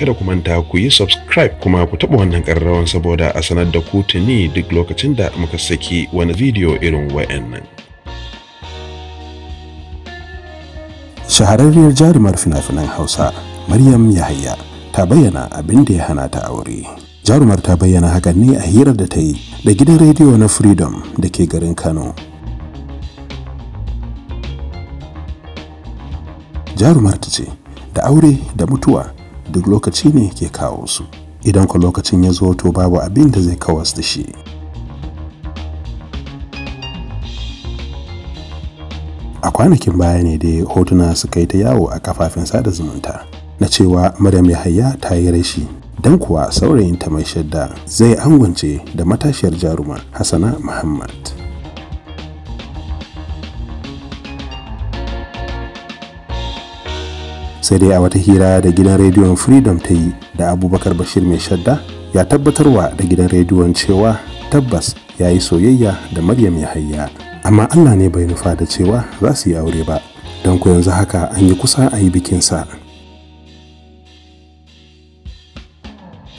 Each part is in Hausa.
kada ku manta ku yi subscribe kuma ku taɓa wannan ƙararrawan saboda a sanar da ku tuni duk lokacin da muka saki wani bidiyo irin wa'annan. Shahararriyar jarumar fina-finan Hausa, Maryam Yahaya, ta bayyana abin da ya hana ta aure. Jarumar ta bayyana hakan ne a hirar da ta yi da gidan rediyo na Freedom da ke garin Kano. Jarumar ta ce, da aure da mutuwa duk lokaci ne ke kawo su idan ku lokacin ya zo to babu abin da zai kawas da shi a kwanakin baya ne dai hotuna suka yi ta yawo a kafafen sada zumunta na cewa maryam yahaya ta yi rashi dan kuwa saurayinta mai shadda zai angwance da matashiyar jaruma hassana muhammad sai dai a wata hira da gidan rediyon freedom ta yi da abubakar bashir mai shadda ya tabbatarwa da gidan rediyon cewa tabbas ya yi soyayya da maryam yahaya amma allah ne bai nufa da cewa za su yi aure ba don ku yanzu haka an yi kusa a yi bikinsa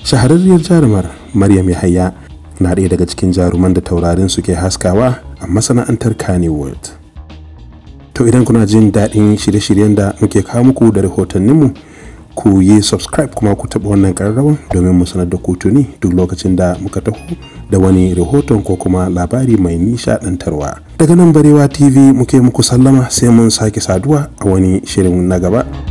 shahararriyar jarumar maryam yahaya na ɗaya daga cikin jaruman da taurarin su ke haskawa a masana'antar Kannywood. to idan kuna jin daɗin shirye-shiryen da muke kawo muku da rahotanninmu ku yi subscribe kuma ku taɓa wannan ƙararrawa domin mu sanar da ku tuni duk lokacin da muka taho da wani rahoton ko kuma labari mai nishaɗantarwa daga nan barewa tv muke muku sallama sai mun sake saduwa a wani shirin na gaba.